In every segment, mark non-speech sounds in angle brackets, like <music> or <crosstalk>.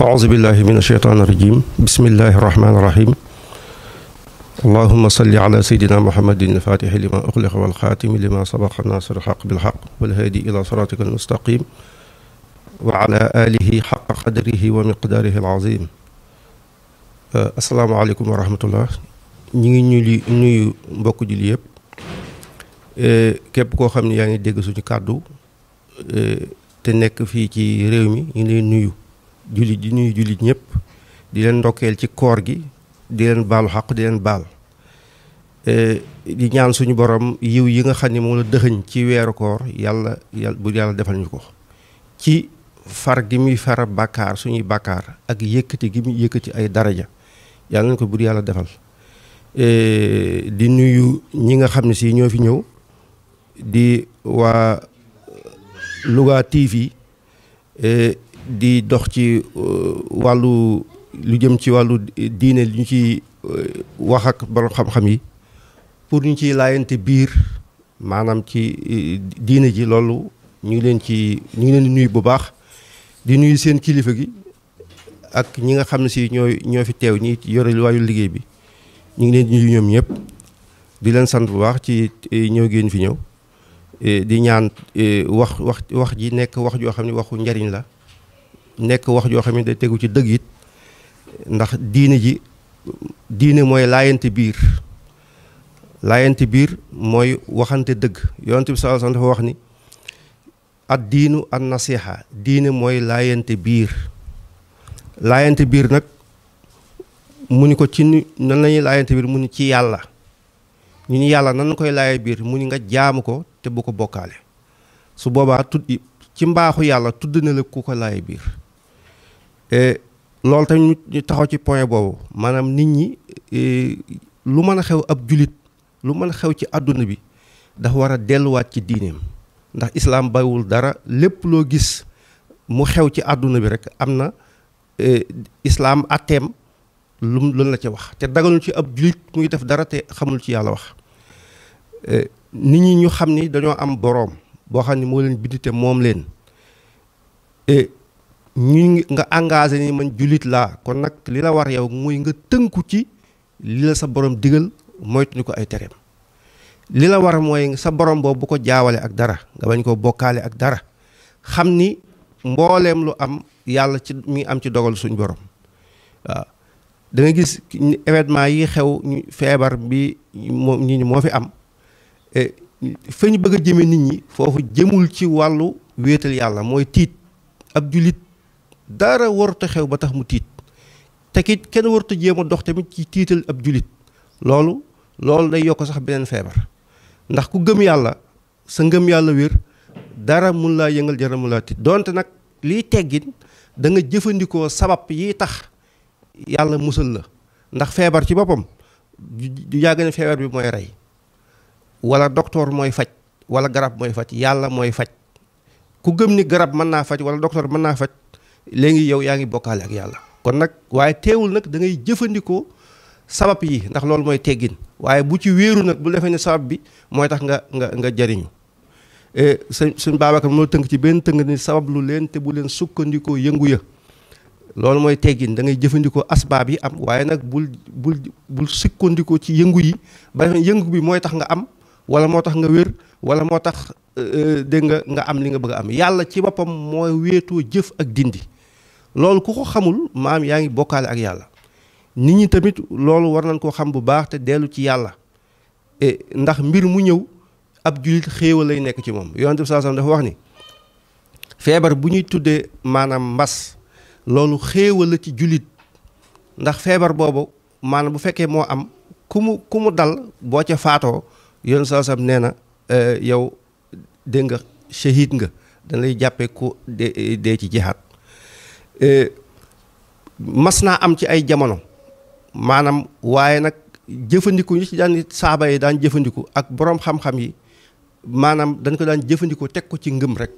أعوذ بالله من الشيطان الرجيم بسم الله الرحمن الرحيم اللهم صل على سيدنا محمد الفاتح لما أغلق والخاتم لما سبق الناصر الحق بالحق والهادي إلى صراطك المستقيم وعلى آله حق قدره ومقداره العظيم آه، السلام عليكم ورحمة الله آه، آه، نيو نيو نيو بوكو mbokku julli yëpp képp koo xam ne yaa ngi dégg suñu kàddu te nekk fii ci julit di ñuy jullit ñëpp di leen ndokkeel ci koor gi di leen baalu xaq di leen baal eh, di ñaan suñu borom yiw yi nga xam ne moom la dëxëñ ci weeru koor yàlla yàlla bu yàlla defal ñu ci far gi muy fara bàkkaar suñuy bàkkaar ak yëkkati gi muy yëkkati ay daraja yàlla nañ ko bu yàlla defal eh, di nuyu ñi nga xam ne si ñoo fi ñëw di waa Louga TV eh, di dox ci euh, wàllu lu jëm ci wàllu diine li ñu ci euh, wax ak borom xam-xam yi pour ñu ci laayante biir maanaam ci euh, diine ji loolu ñu ngi leen ci ñu ngi leen di nuyu bu baax di nuyu seen kilifa gi ak ñi nga xam ne si ñooy ñoo fi teew ñi yore waayu liggéey bi ñu ngi leen di ñoom ñëpp di leen sant bu baax ci ñëw génn fi ñëw di ñaan wax wax wax ji nekk wax joo xam ne waxu njariñ la nekk wax joo xam ne day tegu ci dëgg it ndax diine ji diine mooy laayante biir laayante biir mooy waxante dëgg yonent bi sallallahu alayhi wasallam dafa wax ni ad diinu an nasiha diine mooy laayante biir laayante biir nag mu ni ko ci nan lañuy laayante biir mu ni ci yàlla ñu yàlla nan koy laaye biir mu nga jaamu ko te bu ko bokkaale su boobaa tudd ci mbaaxu yàlla tudd na la ku ko laaye biir Eh, loolu tamit ñu taxaw ci point boobu maanaam nit ñi eh, lu mën a xew ab julit lu mën a xew ci àdduna bi dafa war a delluwaat ci diineem ndax islaam baywul dara lépp loo gis mu xew ci àdduna bi rek am na eh, islaam atteem lu lu la ci wax te daganul ci ab julit muy def dara te xamul ci yàlla wax nit ñi ñu xam ni dañoo am boroom boo xam ne moo leen bind te moom leen ñu nga engagé ni mañ jullit laa kon nag li la war yow muy nga tënku ci li la sa borom digal moytu ko ay tereem li la war mooy sa borom boobu bu ko jaawale ak dara nga bañ koo bokkaale ak dara xam ni mbooleem lu am yàlla ci mi am ci dogal suñ borom waaw da nga gis événement yi xew ñu feebar bi moom nit ñi moo fi am e, fa bëgg a jëme nit ñi foofu jëmul ci wàllu wéetal yàlla mooy tiit ab jullit dara warut xew ba tax mu tiit te kenn warut a jéem a dox tamit ci tiital ab julit loolu loolu day yokk sax beneen feebar ndax ku gëm yàlla sa ngëm yàlla wér dara mun laa yëngal jara mu laa tiit donte nag liy teggin danga jëfandikoo sabab yi tax yàlla musal la ndax feebar ci boppam du yàgg ne feebar bi mooy rey walla docteur mooy faj wala garab mooy faj yàlla mooy faj ku gëm ni garab mën naa faj wala docteur mën naa faj léegi yow yaa ngi bokkaale ak yàlla kon nag waaye teewul nag da ngay jëfandikoo sabab yi ndax loolu mooy teggin waaye bu ci wéeru nag bu defee ne sabab bi mooy tax nga nga nga jariñu e, sëñ sëñ Babacar moo tënk ci benn tënk ni sabab lu bu leen sukkandikoo yëngu ya loolu mooy teggin da ngay jëfandikoo asbaab yi am waaye nag bul bul bul sukkandikoo ci yëngu yi ba yëngu bi mooy tax nga am wala moo tax nga wér wala moo tax e, e, dégg nga nga am li nga bëgg a am yàlla ci boppam mooy wéetu jëf ak dindi loolu ku ko xamul maam yaa ngi bokkaale ak yàlla nit ñi tamit loolu war nañ koo xam bu baax te dellu ci yàlla e ndax mbir mu ñëw ab jullit xéewal lay nekk ci moom yonent bi sallallahu alayhi wasallam dafa wax ni feebar bu ñuy tuddee maanaam mbas loolu xéewal la ci jullit ndax feebar boobu maanaam bu fekkee moo am ku mu ku mu dal boo ca faatoo yoonu bi sallallahu alayhi nee na e, yow dégg nga nga danay lay jàppee ku dee dee ci jihaad Eh, mas naa am ci ay jamono maanaam waaye nag jëfandiku ñu ci daan saaba yi daan jëfandiku ak boroom xam-xam yi maanaam dañ ko daan jëfandiku teg ko ci ngëm rek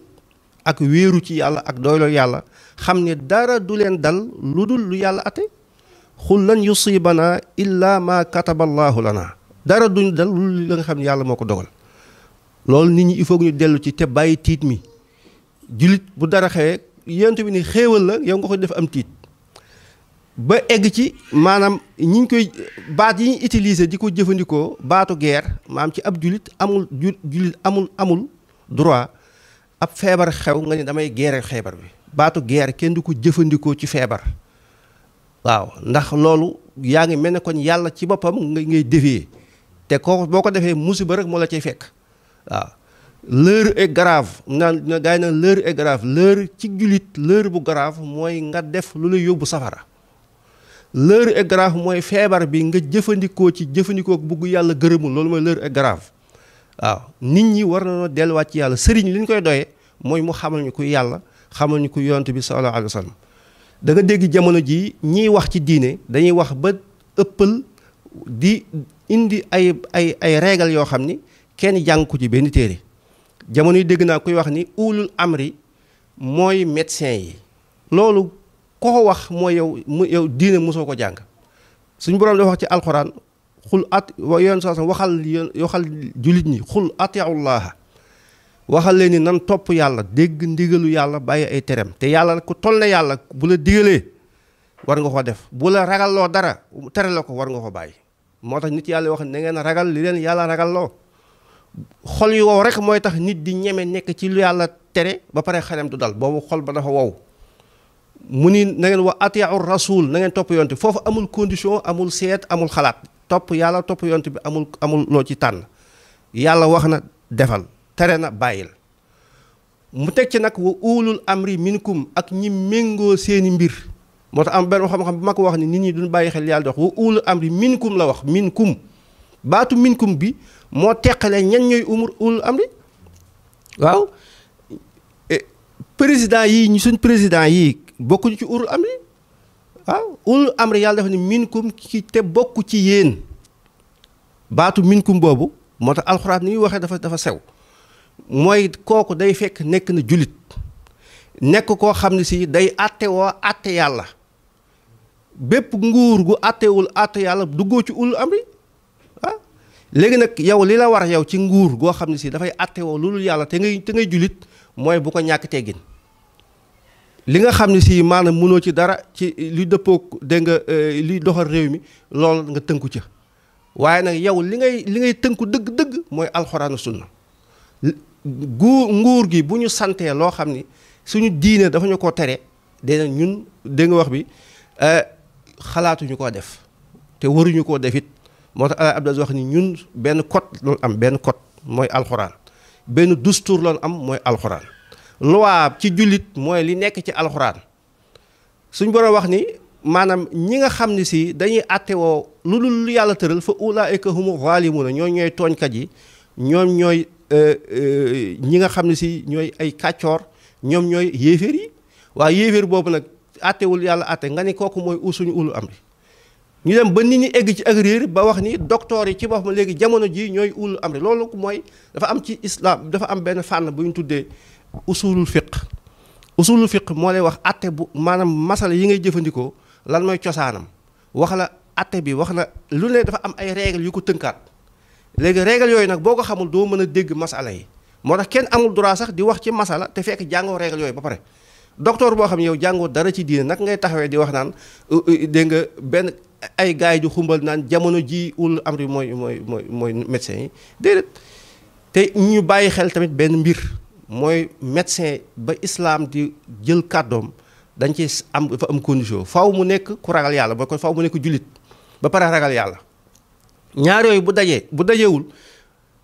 ak wéeru ci yàlla ak doylo yàlla xam ne dara du leen dal lu dul lu yàlla ate xul lan yusibana illa ma kataballaahu lana dara duñ dal lu la nga xam ne yàlla moo ko dogal loolu nit ñi il ñu dellu ci te bàyyi tiit mi jullit bu dara xewee yonent bi ni xéewal la yow nga ko def am tiit ba egg ci maanaam ñi ñu koy baat yi ñu di ko jëfandikoo baatu guerre maam ci ab julit amul ju amul amul droit ab feebar xew nga ne damay guerre xeebar bi baatu guerre kenn du ko jëfandikoo ci feebar waaw ndax loolu yaa ngi mel ne kon yàlla ci boppam nga ngay defee te koo boo ko defee musiba rek moo la cay fekk waaw l'heure est grave naan na gars naan l'heure est grave l'heure ci jullit l'heure bu grave mooy nga def lu la yóbbu safara l'heure est grave mooy feebar bi nga jëfandikoo ci jëfandikoo bugg yàlla gërëmul loolu mooy l'heure est grave waaw nit ñi war nañoo delluwaat ci yàlla sëriñ li ñu koy doyee mooy mu xamal ñu ko yàlla xamal ñu ko yonent bi sallallahu alayhi danga dégg jamono jii ñiy wax ci diine dañuy wax ba ëppal di indi ay ay ay régal yoo xam ni kenn jàng ko ci benn téere jamono yi dégg naa koy wax ni ulul amri mooy médecin yi loolu koo wax mooy yow mu yow diine mosoo ko jàng suñ borom dafa wax ci alxuraan xul at yoon saa waxal waxal jullit ñi xul atiullaha waxal leen ni nan topp yàlla dégg ndigalu yàlla bàyyi ay terem te yàlla ku toll ne yàlla bu la digalee war nga ko def bu la ragalloo dara tere la ko war nga ko bàyyi moo tax nit yàlla wax na ngeen ragal li leen yàlla ragalloo xol yu wow rek mooy tax nit di ñeme nekk ci lu yàlla tere ba pare xaram du dal boobu xol ba dafa wow mu na ngeen wa rasul na ngeen topp yonte foofu amul condition amul seet amul xalaat topp yàlla topp yonte bi amul amul loo ci tànn yàlla wax na defal tere na bàyyil mu teg ci nag wa ulul amri minkum ak ñi méngoo seeni mbir moo tax am benn xam-xam bu ma ko wax ni nit ñi duñ bàyyi xel yàlla dox wa ulul amri minkum la wax minkum baatu minkum bi moo teqalee ñan ñooy umur ul amri waaw eh, yi ñu suñ président yii bokkuñu ci urul amri waaw ul amri yàlla dafa ne minkum ki te bokku ci yéen baatu minkum boobu moo tax alxuraan ni waxee dafa dafa sew mooy kooku day fekk nekk na jullit nekk koo xam ne si day àtte woo àtte yàlla bépp nguur gu àttewul àtte yàlla duggoo ci ul amri léegi nag yow li la war yow ci nguur goo xam ne si dafay attewoo loolu yàlla te ngay te ngay jullit mooy bu ko ñàkk teggin li nga xam ne si maanaam mënoo ci dara ci li dëppoo dégg nga euh, li doxal réew mi loolu nga tënku ca waaye nag yow li ngay li ngay tënku dëgg-dëgg mooy alxuraanu sunna guur nguur gi bu ñu santee loo xam ni suñu diine dafa ñu ko tere dina ñun dégg wax bi euh, xalaatuñu koo def te waruñu koo def it moo tax alaaj Abdou wax ni ñun benn code loolu am benn code mooy alxuraan benn dustuur loolu am mooy alxuraan loi ci jullit mooy li nekk ci alxuraan suñ borom wax ni maanaam ñi nga xam ne si dañuy àtte woo lu dul lu yàlla tëral fa ulaa'ika humu zaalimuuna ñoom ñooy tooñkat yi ñoom ñooy euh, euh, ñi nga xam ne si ñooy ay kàccoor ñoom ñooy yéeféer yi waaye yéeféer boobu nag àttewul yàlla àtte nga ni kooku mooy usuñu ulu am bi ñu dem ba nit ñi egg ci ak réer ba wax ni docteur yi ci ma léegi jamono ji ñooy am amri loolu mooy dafa am ci islaam dafa am benn fànn bu ñu tuddee usulul fiq usulul fiq moo lay wax atte bu maanaam masala yi ngay jëfandikoo lan mooy cosaanam wax la atte bi wax na lu ne dafa am ay règles yu ko tënkaat léegi règles yooyu nag boo ko xamul doo mën a dégg masala yi moo tax kenn amul droit sax di wax ci masala te fekk jàngoo règles yooyu ba pare docteur boo xam yow jàngoo dara ci diine nag ngay taxawee di wax naan dégg nga benn ay gars yi di xumbal naan jamono ji ul amri mooy mooy mooy mooy médecin yi déedéet te ñu bàyyi xel tamit benn mbir mooy médecin ba islaam di jël kàddoom dañ ci am dafa am condition faw mu nekk ku ragal yàlla ba ko faw mu nekk jullit ba pare ragal yàlla ñaar yooyu bu dajee bu dajeewul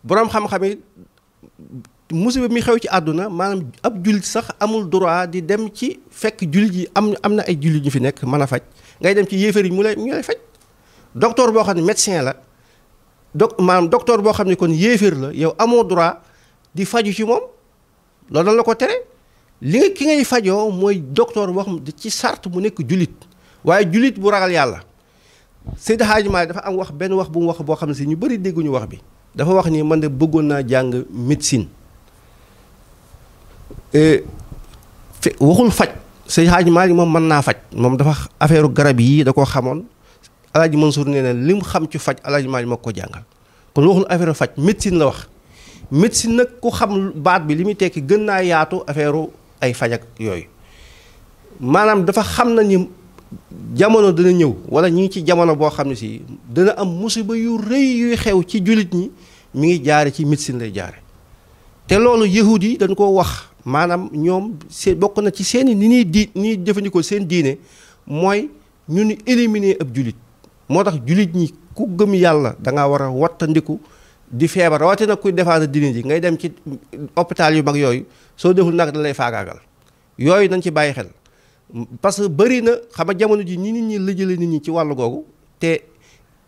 boroom xam-xam musiba mi xew ci àdduna maanaam ab jullit sax amul droit di dem ci fekk jullit yi am am na ay jullit ñu fi nekk mën a faj ngay dem ci yéefar yi mu lay mu lay faj docteur boo xam ne médecin la doc maanaam docteur boo xam ne kon yéefar la yow amoo droit di faju ci moom loolu la ko tere li ki ngay fajoo mooy docteur boo xam ci sart mu nekk jullit waaye jullit bu ragal yàlla Seydi Hadji Malick dafa am wax benn wax bu mu wax boo xam ne si ñu bëri dégguñu wax bi dafa wax ni man bëggoon naa jàng médecine Euh, waxul faj sëñ Xaaji Maalik moom mën naa faj moom dafa affaire garab yii da koo xamoon El Hadj Mansour nee na li mu xam ci faj El Hadj Maalik moo ko jàngal kon waxul affaire faj médecine la wax médecine nag ku xam baat bi li muy tekki gën naa yaatu affaire ay faj ak yooyu maanaam dafa xam na ni jamono dana ñëw wala ñu ngi ci jamono boo xam ne si dana am musiba yu rëy yuy xew ci jullit ñi mu ngi jaare ci médecine lay jaare te loolu yahud yi dañ koo wax. maanaam ñoom see bokk na ci seen i ni ñuy di ni ñuy jëfandikoo seen diine mooy ñu ni éliminer ab julit moo tax julit ñi ku gëm yàlla da war a wattandiku di feebar rawatina kuy défendre diine ji ngay dem ci hôpital yu mag yooyu soo deful nag da faagaagal yooyu nañ ci bàyyi xel parce que bëri na xam nga jamono ji ñi nit ñi la lëjale nit ñi ci wàllu googu te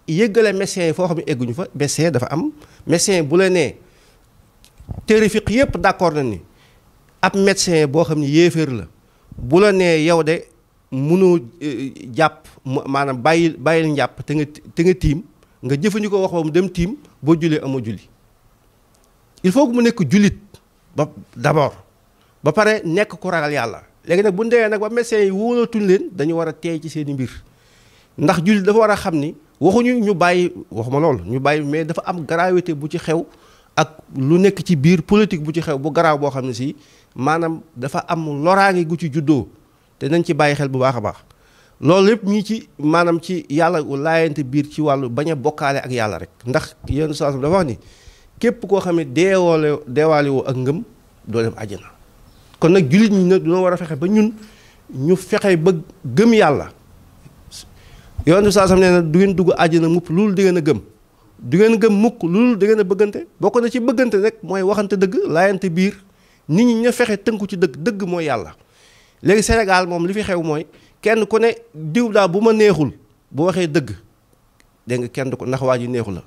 yëggale médecin yi foo xam ne egguñu fa médecin dafa am médecin bu la nee téere fiq yëpp d'accord na ni ab médecin boo xam ne yéeféer la bu la nee yow de mënoo eh, jàpp maanaam bàyyil bàyyil njàpp te nga te nga tiim nga jëfandikoo wax ba mu dem tiim boo jullee amoo julli il faut que mu nekk jullit ba d'abord ba pare nekk ku ragal yàlla léegi nag bu ndewee nag ba médecin yi wóolatuñ leen dañu war a teey ci seeni mbir ndax jullit dafa war a xam ni waxuñu ñu bàyyi waxuma loolu ñu bàyyi mais dafa am gravité bu ci xew ak lu nekk ci biir politique bu ci xew bu garaaw boo xam ne si manam dafa am lorangi gu ci juddo te nañ ci baye xel bu baakha a baax loolu lépp ñi ci manam ci yàlla laayante biir ci walu baña a ak yalla rek ndax yeen na dafa wax ni kep ko xam ne deewoole wu ak ngëm do dem aljana kon nak julit ñi nak do wara fexé ba ñun ñu fexé ba gëm yalla yeen saasam neena na du ngeen dugg aljana mupp lool di ngeen gëm du ngeen gëm mukk lool di ngeen bëggante bokku na ci bëggante rek moy waxante deug biir nit ñi ña fexe tënku ci dëgg dëgg mooy yàlla léegi Sénégal moom li fi xew mooy kenn ku ne diw daa bu ma neexul bu waxee dëgg dégg nga kenn du ko ndax waa ji neexu la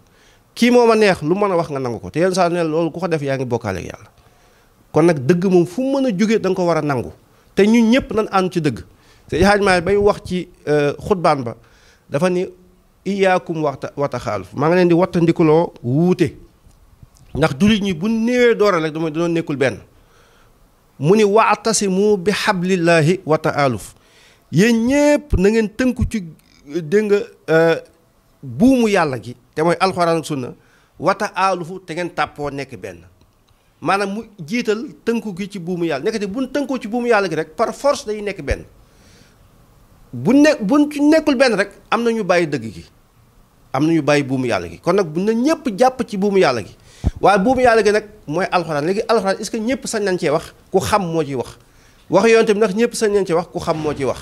kii moom ma neex lu mën a wax nga nangu ko te yenn saa ne loolu ku ko def yaa ngi bokkaale yàlla kon nag dëgg moom fu mën a jógee danga nga ko war a nangu te ñun ñëpp nan ànd ci dëgg te yaaj maay bay wax ci euh, xutbaan ba dafa ni iyaakum waxta waxta xaaluf maa ngi leen di wattandikuloo wuute ndax duli ñi bu néewee doora rek dama dañoo nekkul benn mu ni waatasimu bi xablillahi wata taaluf yéen ñépp na ngeen tënku ci dégg nga euh, buumu yàlla gi te mooy alxuraan ak sunna wa taalufu te ngeen tàppoo nekk benn maanaam mu jiital tënku gi ci buumu yàlla nekkati buñ tënkoo ci buumu yàlla gi rek par force day nekk benn bu ne buñ ci nekkul benn rek am na ñu bàyyi dëgg gi am na ñu bàyyi buumu yàlla gi kon nag bu na ñépp jàpp ci buumu yàlla gi waaye buubu yàlla gi nag mooy alxuraan léegi alxuraan est-ce que ñëpp sañ nañ cee wax ku xam moo ciy wax wax yoon tamit ndax ñëpp sañ nañ cee wax ku xam moo ciy wax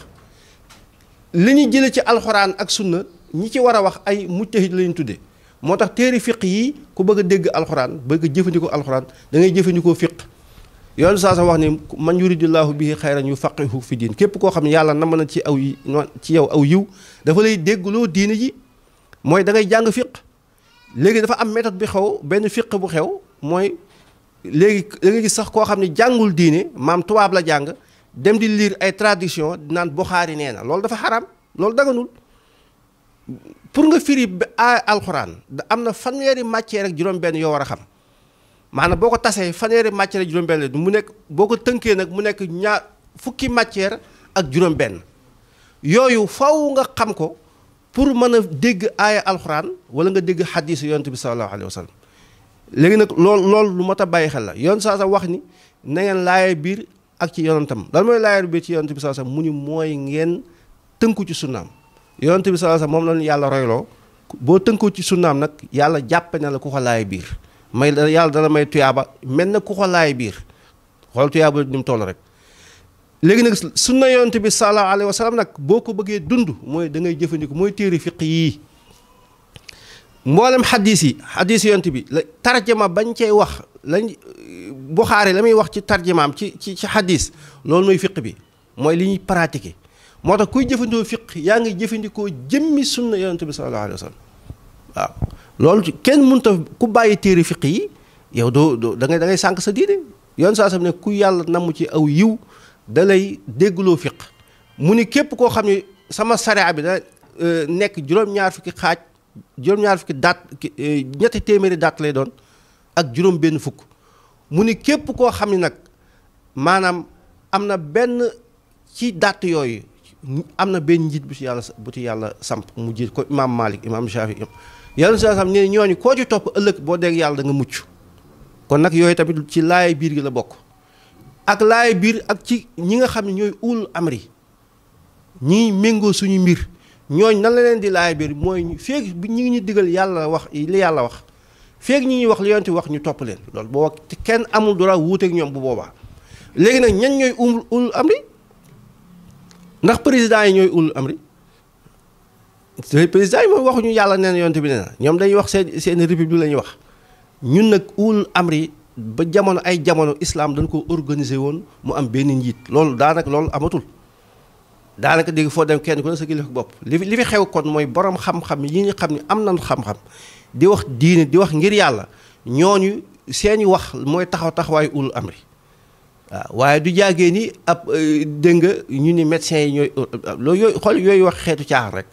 li ñuy jële ci alxuraan ak sunna ñi ci war a wax ay mujtahid lañu tuddee moo tax téeri fiq yi ku bëgg a dégg alxuraan bëgg a jëfandikoo alxuraan da ngay jëfandikoo fiq yoon saa sa wax ni man yuridillahu bihi xayran yufaqihu fi diin képp koo xam ne yàlla nam na ci aw ci yow aw yiw dafa lay déggloo diine ji mooy da ngay jàng fiq léegi dafa am méthode bi xew benn fiq bu xew mooy léegi da sax koo xam ne jàngul diine maam tubaab la jàng dem di liir ay tradition naan Buxaari nee na loolu dafa xaram loolu daganul pour nga firi a alxuraan da am na fanweeri matière ak juróom-benn war a xam maanaam boo ko tasee fanweeri matière ak juróom mu nekk boo ko tënkee nag mu nekk ñaar fukki matière ak juróom-benn yooyu faw nga xam ko pour mën a dégg aaya alxuraan wala nga dégg xadiis yonent bi sallallahu alayhi wa léegi nag lool lool lu mat a bàyyi xel la yoon saa sa wax ni nangeen ngeen laaya biir ak ci yonentam lan mooy laaya biir ci yonent bi sallallahu alayhi mu ni mooy ngeen tënku ci sunnaam yonent bi sallallahu alayhi wa sallam moom lañu yàlla royloo boo tënkoo ci sunnaam nag yàlla jàppe na la ku ko laaya biir may yàlla dana may tuyaaba mel na ku ko laaya biir xool tuyaaba ni mu rek léegi nag sunna yonent bi sallallahu alayhi wa sallam nag boo ko bëggee dund mooy da ngay jëfandiku mooy téere fiq yii mboolem xadis yi xadis yonent bi la tarjama bañ cey wax lañ Buxaari la muy wax ci tarjamaam ci ci ci xadis loolu mooy fiq bi mooy li ñuy pratiquer moo tax kuy jëfandikoo fiq yaa ngi jëfandikoo jëmmi sunna yonent bi sallallahu alayhi wa sallam waaw loolu kenn mënta ku bàyyi téere fiq yi yow doo doo da ngay da ngay sànq sa diine yoon saa sam ne ku yàlla namm ci aw yiw dalay lay déggloo fiq mu ni képp koo xam ne sama sariya bi da euh, nekk juróom-ñaar fukki xaaj juróom-ñaar fukki daat euh, ñetti téeméeri daat lay doon ak juróom benn fukk mu ni képp koo xam ni nag maanaam am na benn ci dat yooyu am na benn njiit bu ci yàlla bu yàlla samp mu jiit ko imaam Malik imaam Shafi yàlla si sam nee ñooñu koo ci topp ëllëg boo dégg yàlla da nga mucc kon nag yooyu tamit ci laay biir gi la bokk ak laay biir ak ci ñi nga xam ne ñooy uul amri ñiy méngoo suñu mbir ñooñ na la leen di laay biir mooy feeg bi ñu ngi ñu digal yàlla wax li yàlla wax feeg ñi ñuy wax li yonent wax ñu topp leen loolu te kenn amul dara wuuteeg ñoom bu boobaa léegi nag ñan ñooy uul uul amri ndax président yi ñooy uul amri président yi moom waxuñu yàlla neen yonent bi nee ñoom dañuy wax seen seen république la ñuy wax ñun nag uul amri ba jamono ay jamono islaam dañ ko organiser woon mu am benn njiit loolu daanaka loolu amatul daanaka dégg foo dem kenn ko ne sa kilifa bopp li li fi xew kon mooy borom xam-xam yi ñu xam ne am na xam-xam di wax diine di wax ngir yàlla ñoo ñooñu seeni wax mooy taxaw taxawaayu ul amri waaw waaye du jàggee ni ab euh, dégg nga ñu ni médecins yi ñooy euh, loolu yooyu xool yooyu wax xeetu caaxaan rek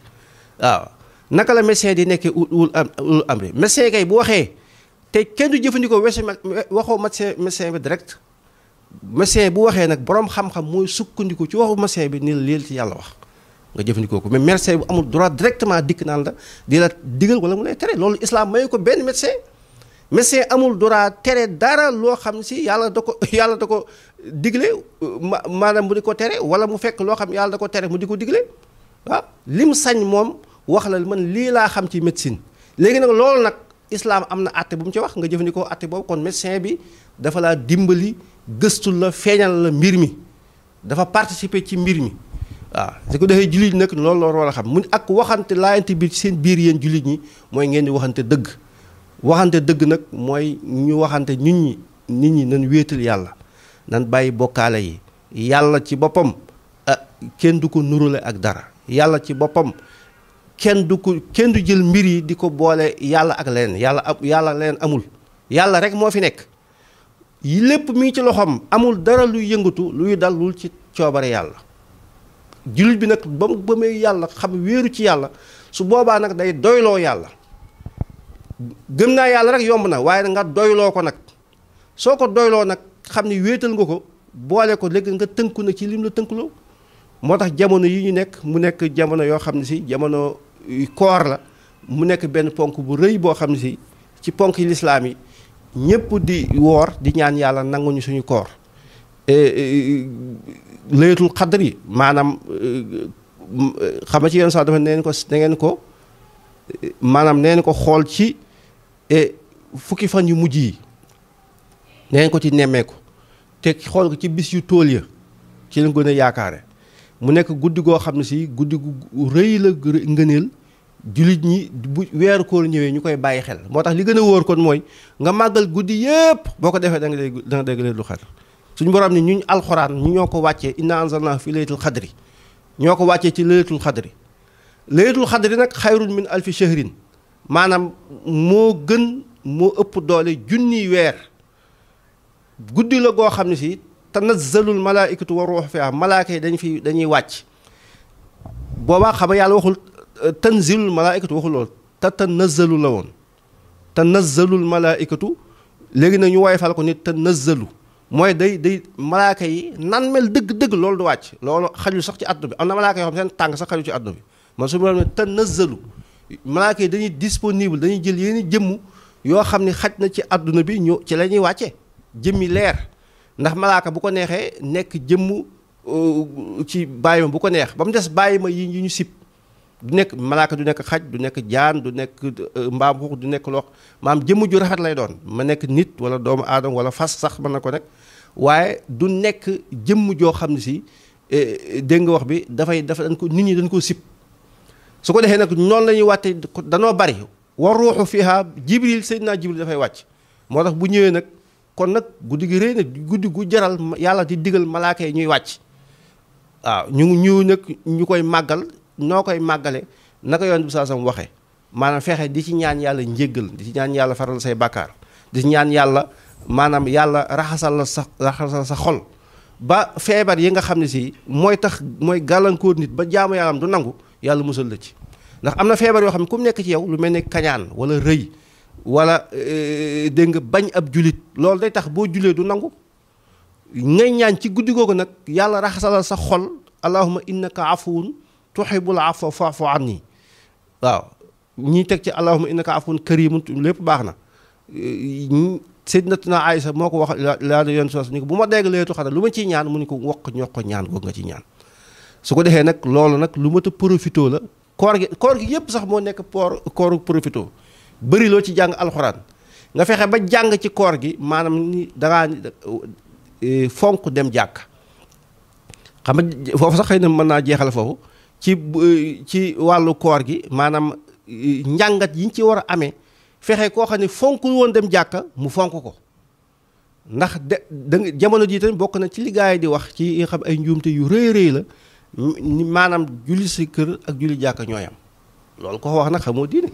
waaw naka la médecin di nekkee ul ul amri médecin kay bu waxee. te kenn du jëfandikoo wese waxoo médecin médecin bi direct médecin bu waxee nag borom xam-xam mooy sukkandiku ci waxu médecin bi ni la leel ci yàlla wax nga jëfandikoo ko mais médecin bu amul droit directement dikk naan la di la digal wala mu lay tere loolu islam mayu ko benn médecin médecin amul droit tere dara loo xam si yàlla da ko yàlla da ko digle ma maanaam mu di ko tere wala mu fekk loo xam yàlla da ko tere mu di ko digle waaw ah, lim sañ moom wax la man lii laa xam ci médecine islaam am na àtte bu mu ci wax nga jëfandikoo àtte boobu kon médecin bi dafa laa dimbali gëstu la feeñal la mbir mi dafa participer ci mbir mi waaw su ko defee jullit nag loolu loolu war a xam mu ak waxante laayante biir seen biir yéen jullit ñi mooy ngeen di waxante dëgg waxante dëgg nag mooy ñu waxante ñun ñi nit ñi nan wéetal yàlla nan bàyyi bokkaale yi yàlla ci boppam ah kenn du ko nurule ak dara yàlla ci boppam kenn du ko kenn du jël mbir yi di ko boole yàlla ak leneen yàlla ak yàlla leneen amul yàlla rek moo fi nekk lépp muy ci loxoom amul dara luy yëngatu luy dal lul ci coobare yàlla jullit bi nag ba mu gëmee yàlla xam wéeru ci yàlla su boobaa nag day doyloo yàlla gëm naa yàlla rek yomb na waaye nga doyloo ko nag soo ko doyloo nag xam ni wéetal nga ko boole ko léegi nga tënku na ci lim la tënkuloo moo tax jamono yi ñu nekk mu nekk jamono yoo xam ne si jamono koor la mu nekk benn ponk bu rëy boo xam ne si ci ponk yi lislaam yi ñëpp di woor di ñaan yàlla nanguñu suñu koor e, e, layatul xadar yi maanaam e, xam nga ci yenn sax dafa neen ko da ngeen ko maanaam neen ko xool ci fukki fan yu mujj yi neen ko ci nemmeeku te xool ko ci bis yu tool ya ci lañ gën a yaakaare mu nekk guddi goo xam ne si guddi gu rëy la ngëneel julit ñi bu weeru koor ñëwé ñukoy bàyyi xel motax li gëna wër kon moy nga magal guddi yépp boko défé da nga dégg da nga dégg lu xat suñu borom ni ñuñ alquran ñu ñoko wacce inna anzalna fi laylatul xadri ñoko wacce ci laylatul xadri laylatul xadri nak xayrun min alfi shahrin manam mo gën mo ëpp doole junni wër guddi la go xamni ci tanazzalul malaikatu wa ruux fiha malaakai dañ fi dañuy wàcc boba xama yàlla waxul تنزل الملائكة waxul lool tatanazzalu la woon tanazzalul malaikatu léegi na ñu woyofal ko ni tanazzalu mooy day day malaaka yi nan mel dëgg-dëgg loolu du wàcc loolu xajul sax ci àdduna bi am na malaaka xam seen tàng sax xajul ci àdduna bi man su ma ne tanazzalu malaaka yi dañuy disponible dañuy jël yeneen jëmm yoo xam ne xaj na ci àdduna bi ñu ci la ñuy wàcce jëmmi leer ndax malaaka bu ko neexee nekk jëmm ci bàyyi bu ko neex ba mu des yi ñu sib du nekk malaaka du nekk xaj du nekk jaan du nekk euh, mbaam xuux du nekk lox maam jëmm ju rafet lay doon ma nekk nit wala doomu aadama wala fas sax mën na ko nekk waaye du nekk jëmm joo xam ne si euh, dégg nga wax bi dafay dafa dañ ko nit ñi dañ koo sib su ko defee nag noonu lañuy ñuy wàtte danoo bari war ruuxu fiiha jibril naa jibril dafay wàcc moo tax bu ñëwee nag kon nag guddi gi rëy na guddi gu jaral yàlla di digal malaaka yi ñuy wàcc waaw ñu ñu nag ñu koy màggal noo koy màggale naka yoon bi saa sam waxee maanaam fexe di ci ñaan yàlla njégal di ci ñaan yàlla faral say bàkkaar di ci ñaan yàlla maanaam yàlla raxasal la sa raxasal sa xol ba feebar yi nga xam ne si mooy tax mooy gàllankoor nit ba jaamu yàllaam du nangu yàlla musal la ci ndax am na feebar yoo xam ne ku mu nekk ci yow lu mel ne kañaan wala rëy wala euh, dégg nga bañ ab julit loolu day tax boo julee du nangu ngay ñaan ci guddi googu nag yàlla raxasalal sa xol allahumma innaka tuhibbul afwa fa'fu anni waaw ñiy teg ci allahumma innaka afuwwun kariimun lépp baax na sayyidatuna Aïsa moo ko wax laa yoon soos ni bu ma dégg leetu xadar lu ma ciy ñaan mu ni ko wokk ñoq ñaan goog nga ci ñaan su ko defee nag loolu nag lu mat a profito la koor gi koor gi yëpp sax moo nekk por kooru profito bëri loo ci jàng alxuraan nga fexe ba jàng ci koor gi maanaam ni dangaa eh, dem jàkk xam nga foofu sax xëy na mën naa jeexal foofu ci ci wàllu koor gi maanaam njàngat yiñ ci war a amee fexe koo xam ne fonkul woon dem jàkka mu fonk ko ndax de danga jamono jii tamit bokk na ci li gaay di wax ci xam ay njuumte yu rëy rëy la maanaam julli si kër ak julli jàkka ñooyam loolu ko wax nag xamoo diine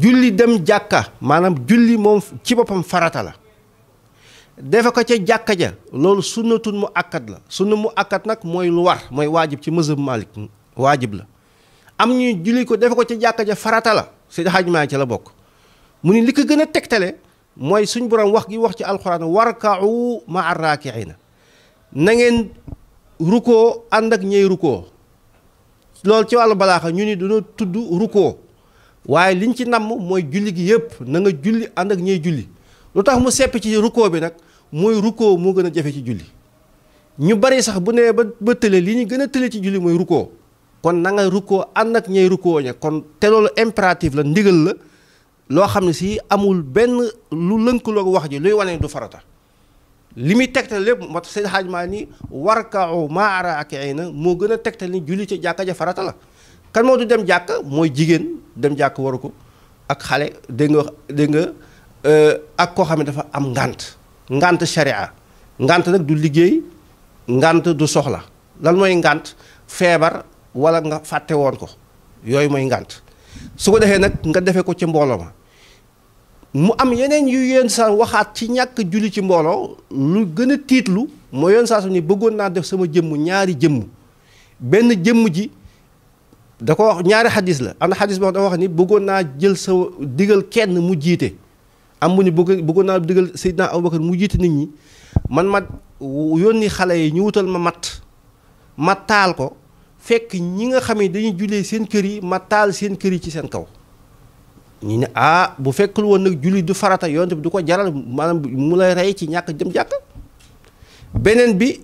julli dem jàkka maanaam julli moom ci boppam farata la defe ko ca jàkka ja loolu sunnatun mu akkat la sunna mu àkkat nag mooy lu war mooy waajib ci mazhab Malik waajib la am ñuy julli ko defe ko ca jàkka ja farata la si xaj maa ci la bokk mu ni li ko gën a tegtale mooy suñ borom wax gi wax ci alxuraan warka'u ma'a raaki'iina na ngeen rukoo ànd ak ñey rukoo loolu ci wàllu balaaxa ñu ni duna tudd rukoo waaye liñ ci namm mooy julli gi yëpp na nga julli ànd ak ñey julli lu tax mu sepp ci rukoo bi nag moy ruko, mo gëna jafé ci julli ñu bari sax bu né ba ba télé li ñu gëna télé ci julli moy ruko kon na nga ruko and ak ñay ruko ña kon té loolu impératif la ndigal la lo xamni si amul ben lu lo wax ji luy wané du farata limi tekta lepp mot seyd tax seen xaajmaa ni warkaaw na ni julli ci jaaka ja farata la kan mo du dem jak moy jigen dem jàkk waruko ak xalé de nga de nga euh, ak ko xamni dafa am ngànt ngant sharia ngant nag du liggéey ngànt du soxla lan mooy ngant feebar walla nga fàtte woon ko yooyu mooy ngant su ko defee nag nga defee ko ci mbooloo ma mu am yeneen yu yéen saa waxaat ci ñàkk julli ci mbooloo lu gën a tiitlu moo saa su ni bëggoon naa def sama jëmm ñaari jëmm benn jëmm ji da ko wax ñaari xadis la am na xadis boo dafa wax ni bëggoon naa jël sa digal kenn mu jiite am bu ni bëgg bëggoon naa digal Seydina Aboubacar mu jiite nit ñi man ma yónni xale yi ñu wutal ma matt ma taal ko fekk ñi nga xam ne dañuy jullee seen kër yi ma taal seen kër yi ci seen kaw. ñu ne ah bu fekkul woon nag julli du farata yonte bi du ko jaral maanaam mu lay rey ci ñàkk jëm jàkk beneen bi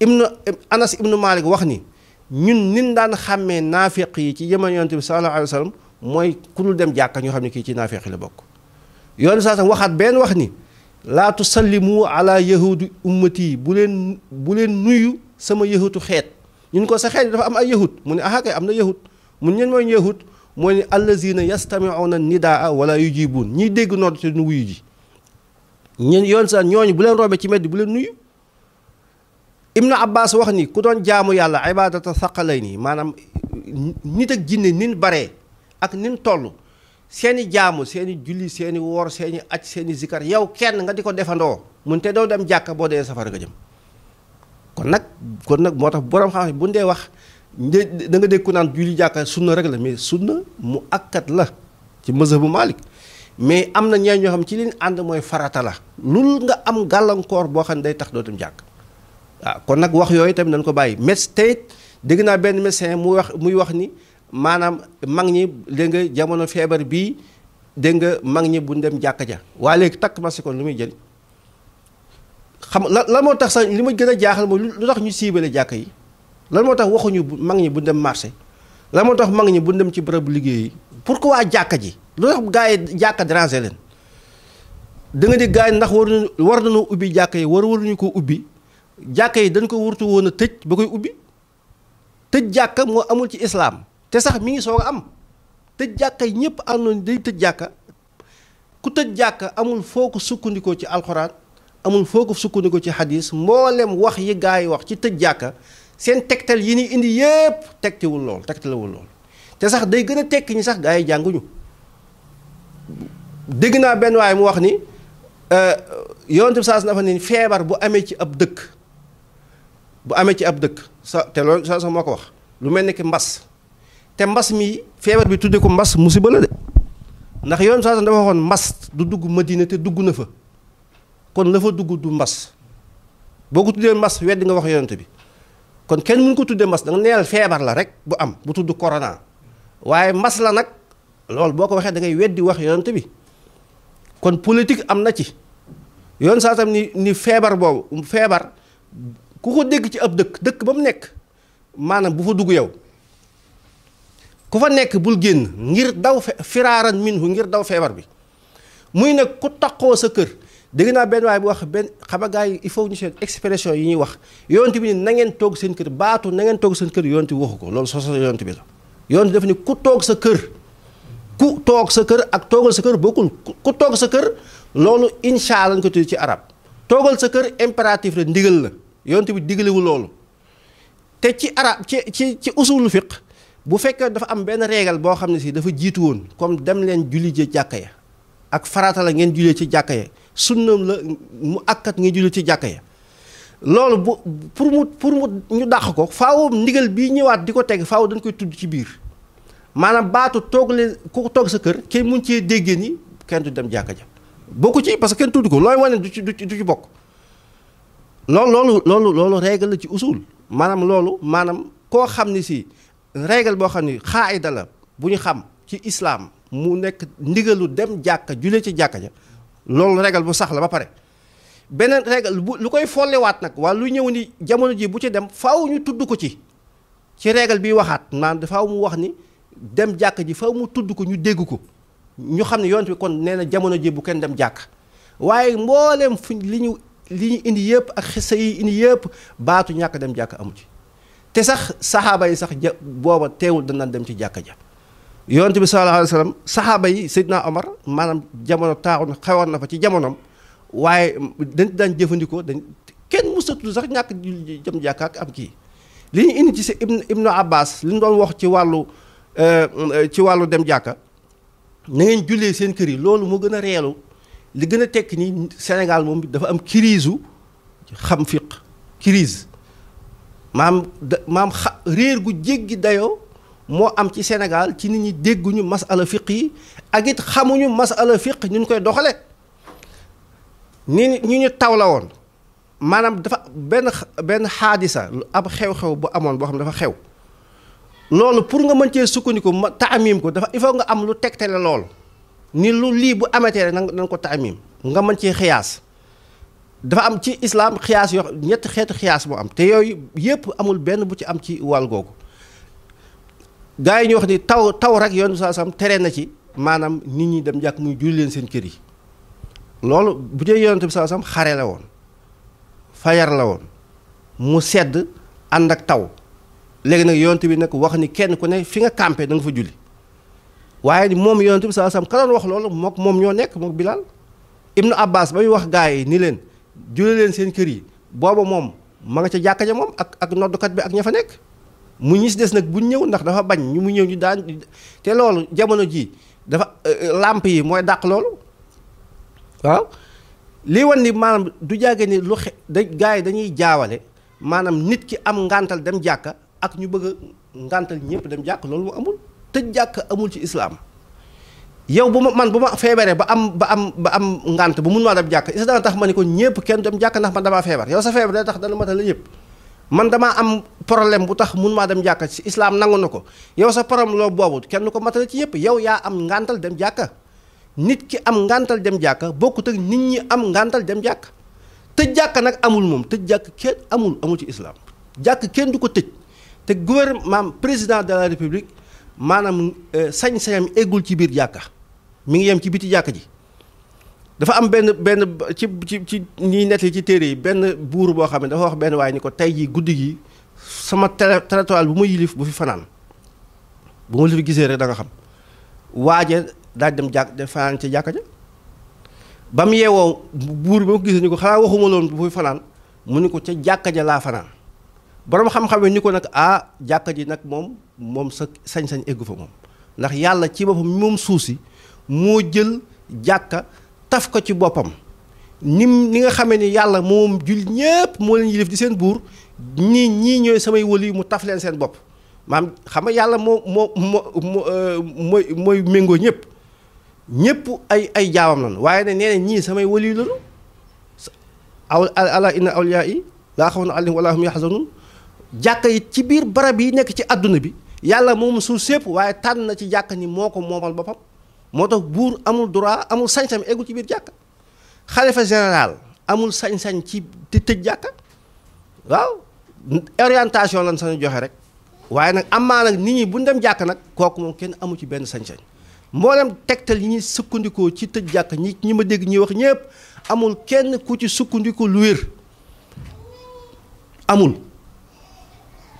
ibnu anas ibnu malik wax ni ñun nin daan xàmmee naafeq yi ci yema yonte bi sallallahu alayhi wa mooy ku dul dem jàkk ñoo xam ne kii ci naafeq yi la bokk yoon saa sax waxaat benn wax ni laa tusallimu ala yahuudi ummati bu leen bu leen nuyu sama yahutu xeet ñun ko sa xeet dafa am ay yahud mu ne aha kay am na yahud mun ñeen mooy yahud mooy ne allazina yastamiuna nidaa wala yujibun ñiy dégg nodd te nu wuyu ji ñun yoon sa ñooñu bu leen roobee ci mbedd bu leen nuyu na abbas wax ni ku doon jaamu yàlla ibadata saqalay nii maanaam nit ak jinne nin baree ak nin toll Seni jamu, seni julli seni wor seni acc seni zikar yow kenn nga diko defando mun te doo dem jakka bo de safara ga jëm kon nak kon nak motax borom xam bu ndé wax da nga dekk nan julli jakka sunna rek la mais sunna mu akkat la ci mazhabu malik mais amna na ñeen ñoo xam ci liñ and moy farata la lul nga am galankor bo xam day tax doo dem jakka ah kon nak wax yoy tam nañ ko bàyyi mais tay dégg naa médecin mu wax muy wax ni maanaam mag ñi dénga jamono feebar bii dégg nga mag ñi bu dem jàkka ja waa léegi takk masque ko lu muy jël xam la la moo tax sax li ma gën a jaaxal mooy lu tax ñu siibale jàkk yi lan moo tax waxuñu mag ñi bu dem marché la moo tax mag ñi bu dem ci bërëb liggéey yi pourquoi waa jàkk ji lu tax gars yi jàkka déranger leen da nga di gars yi ndax war na war nañoo ubbi jàkka yi war waruñu ko ubbi jàkka yi dañ ko wurtu woon a tëj ba koy ubbi tëj jàkk moo amul ci islaam te sax mi ngi soo a am tëj jàkka yi ñëpp nañ day tëj jàkka ku tëj jàkka amul foo ko sukkandikoo ci alxuraan amul foo ko sukkandikoo ci hadis mboolem wax yi gaa yi wax ci tëj jàkka seen tegtal yi ni indi yëpp tegtiwul lool tegtalawul te sax day gën a tekki ñi sax gaa yi jànguñu dégg naa benn waaye mu wax ni euh, yonent bi saas na fa ne feebar bu amee ci ab dëkk bu amee ci ab dëkk sa te loolu sa moo ko wax lu mel ni ki mbas te mbas mii feebar bi tuddee ko mbas musiba la de ndax yoon saa dafa waxoon mbas du dugg madina te dugg na fa kon la fa dugg du mbas boo ko tuddee mbas weddi nga wax yonent bi kon kenn mënu ko tuddee mbas da nga feebar la rek bu am bu tudd corona waaye mbas la nag loolu boo ko waxee da ngay weddi wax yonent bi kon politique am na ci yoon saa tam ni ni feebar boobu feebar ku ko dégg ci ab dëkk dëkk ba mu nekk maanaam bu fa dugg yow ku fa nekk bul génn ngir daw firaaran minhu ngir daw feebar bi muy nag ku taqoo sa kër dégg naa benn waay bu wax benn xamagaay yi il faut ñu seen expression yi ñuy wax yonent bi ni na ngeen toog seen kër baatu na ngeen toog seen kër yonent bi waxu ko loolu soso yonent bi la yonent bi def ni ku toog sa kër ku toog sa kër ak toogal sa kër bokkul ku toog sa kër loolu insha allah lañ ko tudd ci arab toogal sa kër impératif la ndigal la yonent bi diglewu loolu te ci arab ci ci ci usul fiq bu fekkee dafa am benn régal boo xam ne si dafa jiitu woon comme dem leen julli ci jàkka ya ak farata la ngeen jullee ci jàkka ya sunnam la mu akkat ngeen julli ci jàkka ya loolu bu pour mu pour mu ñu dàq ko faaw ndigal bii ñëwaat di ko teg faaw dañ koy tudd ci biir maanaam baatu toog leen ku toog sa kër kenn mun cee déggee ni kenn du dem jàkka ja bokku ci parce que kenn tudd ko looy wane du ci du ci bokk loolu loolu loolu loolu régal la ci usul maanaam loolu maanaam koo xam ne règle boo xam ni xaayida la bu ñu xam ci islaam mu nekk ndigalu dem jàkka julee ci jàkka ja loolu regal bu sax la ba pare beneen regal bu lu koy follewaat nag wala lu ñëw ni jamono ji bu ci dem faw ñu tudd ko ci ci règle bi waxaat maanaam faaw mu wax ni dem jàkka ji faw mu tudd ko ñu dégg ko ñu xam ne yonent bi kon nee na jamono ji bu kenn dem jàkk waaye mbooleem fu li ñu li ñu indi yëpp ak xisa indi yëpp baatu ñàkk dem jàkk amu ci te sax saxaaba yi sax ja booba teewul danañ dem ci jàkka ja yonent bi sallallahu alayhi saxaaba yi Seydina Omar maanaam jamono na xewoon na fa ci jamonoom waaye dañ daan jëfandikoo dañ kenn musatul sax ñàkk jëm jàkka ak am kii li ñu indi ci si ibnu li ñu doon wax ci wàllu euh, ci wàllu dem jàkka na ngeen jullee seen kër yi loolu moo gën a reelu li gën a tekk nii Sénégal moom bi dafa am crise xam fiq crise maam da maam xa réer gu jéggi dayoo moo am ci Sénégal ci nit ñi dégguñu masala fiq yi ak it xamuñu masala fiq ñu koy doxale ni ñu ñu taw la woon maanaam dafa benn benn xaadisa ab xew-xew bu amoon boo xam ne dafa xew loolu pour nga mën cee sukkandiku ma taamim ko dafa il nga am lu tegtale loolu ni lu lii bu amatee rek na nga ko taamim nga mën cee xiyaas dafa am ci islaam xiyaas yoo ñetti xeetu xiyaas moo am te yooyu yëpp amul benn bu ci am ci wàll googu gaa yi ñu wax ni taw taw rek yoon bi saa sam tere na ci maanaam nit ñi dem jàkk muy julli leen seen kër yi loolu bu dee yonent bi saa sam xare la woon fayar la woon mu sedd ànd ak taw léegi nag yonent bi nag wax ni kenn ku ne fi nga campé da nga fa julli waaye moom yonent bi sa sam ka wax loolu mook moom ñoo nekk mook Bilal Ibnu Abbas ba muy wax gaa yi ni leen julli leen seen kër yi booba moom ma nga ca jàkka ja moom ak ak noddukat bi ak ña fa nekk mu si des nag bu ñëw ndax dafa bañ ñu mu ñëw ñu daan te loolu jamono ji dafa euh, làmp yi mooy dàq loolu waaw lii wan ni maanaam du jàggee ni lu xe da gars yi dañuy jaawale maanaam nit ki am ngàntal dem jàkka ak ñu bëgg a ngàntal ñëpp dem jàkk loolu mu amul tëj jàkk amul ci islaam yow buma man buma ma ba am ba am ba am ngant bu mënuma dem jàkk is dana tax maniko ñepp kenn dem jàkk ndax man dama febar yow sa febar day tax dana matal ñëpp man dama am problème bu tax mënuma dem ci islam nangu nako yow sa problème lo bobu kenn ko matal ci ñepp yow ya am ngantal dem jàkk nit ki am ngantal dem jàkk bokku ak nit ñi am ngantal dem jàkk te jàkk nak amul mom te jàkk kenn amul amul ci islam jàkk kenn duko tej te gouvernement président de la république manam euh, sañ-sañam egul ci bir mi ngi yem ci biti jàkk ji dafa am benn benn ci ci ci nettali ci téere yi benn buur boo xam ne dafa wax benn waaye ni ko tey jii guddi gi sama territoire bu ma yilif bu fi fanaan bu ma la fi gisee rek da xam waaje daaj dem jàkk dem fanaan ca jàkka ja ba mu yeewoo buur bi ma ko gisee ñu ko xanaa waxuma loon bu fi fanaan mu ni ko ca jàkka ja laa fanaan borom xam-xam ni ko nag ah jàkka ji nag moom moom sa sañ-sañ eggu fa moom ndax yàlla ci boppam moom suuf si moo jël jàkka taf ko ci boppam nim ni nga xame ni yàlla moom jul ñépp moo leen yilif di seen buur nii ñii ñooy samay yi mu taf leen seen bopp maa xam nga yàlla moo moo moo euh, mooy méngoo ñëpp ñëpp ay ay jaamam lañu waaye ne nee na ñii samay wëli lañu aw ala inna awliyaa yi laa xawfun alayhim wala hum yaxzanun jàkka yi ci biir barab yi nekk ci àdduna bi yàlla moom suuf sépp waaye tànn na ci jàkka ni moo ko moomal boppam moo tax buur amul droit amul sañ-sañ eggu ci biir jàkka xalifa général amul sañ-sañ ci te tëj jàkk waaw orientation lan sañu joxe rek waaye nag amaa nag nit ñi bu ñu dem jàkk nag kooku moom kenn amu ci benn sañ-sañ mboolem tegtal yi ñuy sukkandikoo ci tëj jàkk ñi ñi ma dégg ñuy wax ñëpp amul kenn ku ci sukkandiku lu wér amul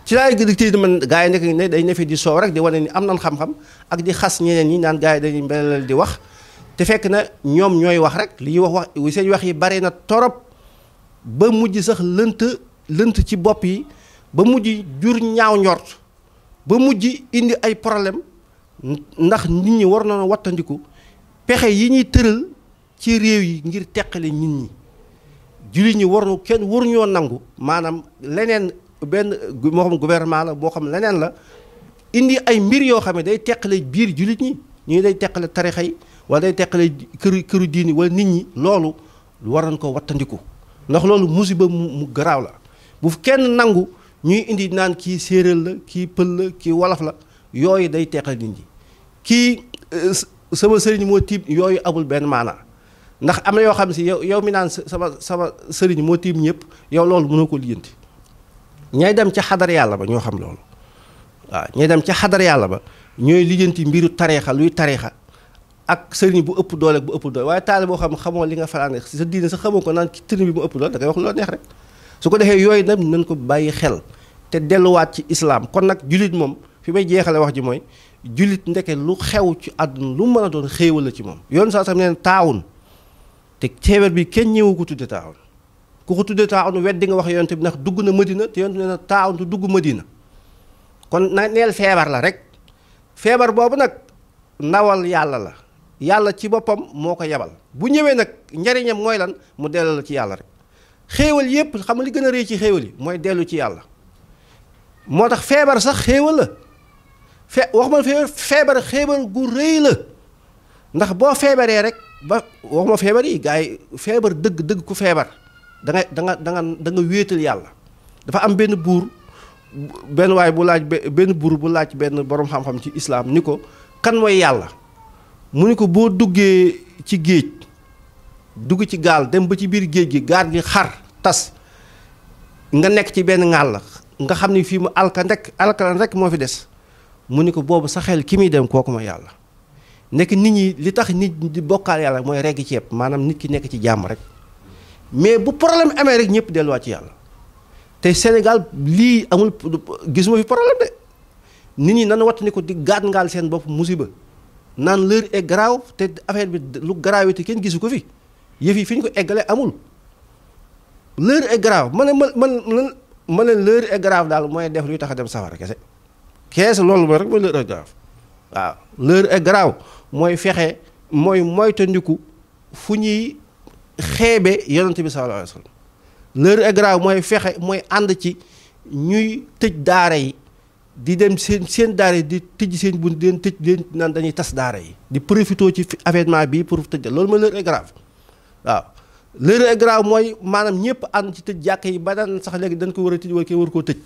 ci laay gën a man gaay yi nekk ne day nefe di soow rek di wane ni am nan xam-xam ak di xas ñeneen ñi naan gars yi dañuy mbelal di wax te fekk na ñoom ñooy wax rek li ñuy wax wax seen wax yi bare na torop ba mujj sax lënt lënt ci bopp yi ba mujj jur ñaaw njort ba mujj indi ay problème ndax nit ñi war na wattandiku pexe yi ñuy tëral ci réew yi ngir teqale nit ñi jullit ñi war kenn waruñoo nangu maanaam leneen benn moo xam gouvernement la moo xam leneen la indi ay mbir yoo xam ne day teqale biir jullit ñi ñu day teqale tarixa yi wala day teqale këru këru diini wala nit ñi loolu waroon ko wattandiku ndax loolu musiba mu garaaw la bu kenn nangu ñuy indi naan kii séeréer la kii pël la kii wolof la yooyu day teqale nit ñi kii euh, sama sëriñ moo tiim yooyu amul benn maanaa ndax am na yoo xam si yow yow mi naan sama sama sëriñ moo tiim ñëpp yow loolu mënoo ko lijanti ñay dem ca xadar yàlla ba ñoo xam loolu waaw ñay dem ca xadar yàlla ba ñooy lijjanti mbiru tariixa luy tariixa ak sëriñ bu ëpp doole bu ëpp doole waaye taali boo xam xamoo li nga faraane sa diine sa xamoo ko naan ci sëriñ bi mu ëpp doole da ngay wax loo neex rek su ko defee yooyu nag nañ ko bàyyi xel te delluwaat ci islaam kon nag jullit moom fi may jeexale wax ji mooy jullit ndeke lu xew ci àdduna lu mën a doon xéewal la ci moom yoon saa sax neen taawun te ceebar bi kenn ñëwu ko tudde ku ko tuddee taawun weddi nga wax yonent bi ndax dugg na Madina te yonent bi ne taawun du dugg Madina kon na neel feebar la rek feebar boobu nag ndawal yàlla la yàlla ci boppam moo ko yebal bu ñëwee nag njariñam mooy lan mu la ci yàlla rek xéewal yépp xam li gën a rëy ci xéewal yi mooy dellu ci yàlla moo tax feebar sax xéewal la fe wax ma feebar xéewal gu rëy la ndax boo feebaree rek ba wax ma feebar yi gars yi feebar dëgg dëgg ku feebar da nga da nga da nga da nga wéetal yàlla dafa am benn buur benn waay bu laaj benn buur bu laaj benn borom xam-xam ci islam Niko kan mooy yàlla mu ni ko boo duggee ci géej dugg ci gaal dem ba ci biir géej gi gaal gi xar tas nga nekk ci benn la nga xam ni fii mu alka rek alka rek moo fi des mu ni ko boobu sa xel ki muy dem kooku ma yàlla nekk nit ñi li tax nit di bokkaal yàlla mooy regg ceeb maanaam nit ki nekk ci jàmm rek mais bu problème amee rek ñëpp delluwaat ci yàlla te Sénégal lii amul gisuma fi problème de nit ñi nan wattu ni ko di gaat ngaal seen bopp musiba naan l'heure est grave te affaire bi lu grave te kenn gisu ko fi yëf yi fi ñu ko eggalee amul l'heure est grave ma ne ma man ma leen l'heure daal mooy def luy tax a dem safara kese kees loolu mooy rek mooy l'heure est grave waaw l'heure est grave mooy fexe mooy moytandiku fu ñuy xeebe yonent bi sallallahu alayhi wa sallam l'heure est grave mooy fexe mooy ànd ci ñuy tëj daara yi di dem seen seen daara yi di tëj seen bunt di leen tëj di leen naan dañuy tas daara yi di profité ci avènement bi pour tëj loolu mooy l'heure est grave waaw l'heure grave mooy maanaam ñëpp ànd ci tëj jàkk yi ba sax léegi dañ ko war a tëj war war koo tëj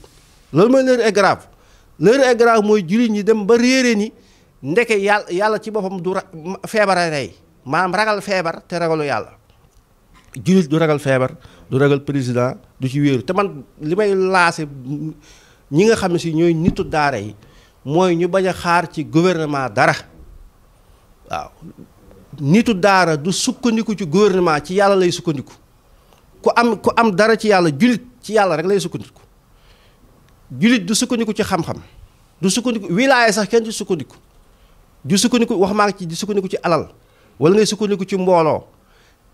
loolu mooy l'heure est grave l'heure mooy jullit ñi dem ba réeré ni ndeke yàlla yàlla ci boppam du ra feebara rey maanaam ragal feebar te ragalu yàlla jullit du ragal feebar du ragal président du ci wéeru te man li may laase ñi nga xam ne si ñooy nitu daara yi mooy ñu bañ a xaar ci gouvernement dara waaw nitu daara du sukkandiku ci gouvernement ci yàlla lay sukkandiku ku am ku am dara ci yàlla jullit ci yàlla rek lay sukkandiku jullit du sukkandiku ci xam-xam du sukkandiku wilaaya sax kenn du sukkandiku du sukkandiku wax maa ngi ci du sukkandiku ci alal wala ngay sukkandiku ci mbooloo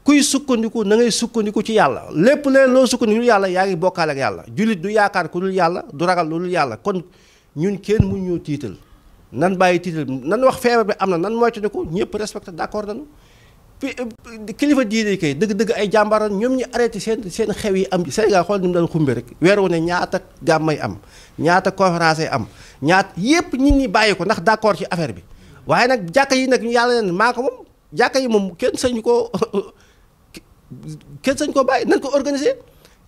kuy sukkandiku na ngay sukkandiku ci yàlla lépp leen loo sukkandiku yàlla yaa ngi bokkaale ak yàlla jullit du yaakaar ku dul yàlla du ragal lu dul yàlla kon ñun kenn mu ñoo tiital nan bàyyi tiital nan wax feebar bi am na nan moytandiku ñëpp respecté d'accord nañu eh, kilifa diine kay dëgg-dëgg ay jàmbaran ñoom ñu arrêté seen seen xew yi am Sénégal xool ni mu daan xumbe rek weer wu ñaata gàmmay am ñaata conférence ay am ñaat yépp nit ñi bàyyi ko ndax d'accord ci affaire bi waaye nag jàkka yi nag ñu yàlla leen maa ko moom jàkka yi ko <laughs> kenn sañ ko bàyyi nañ ko organiser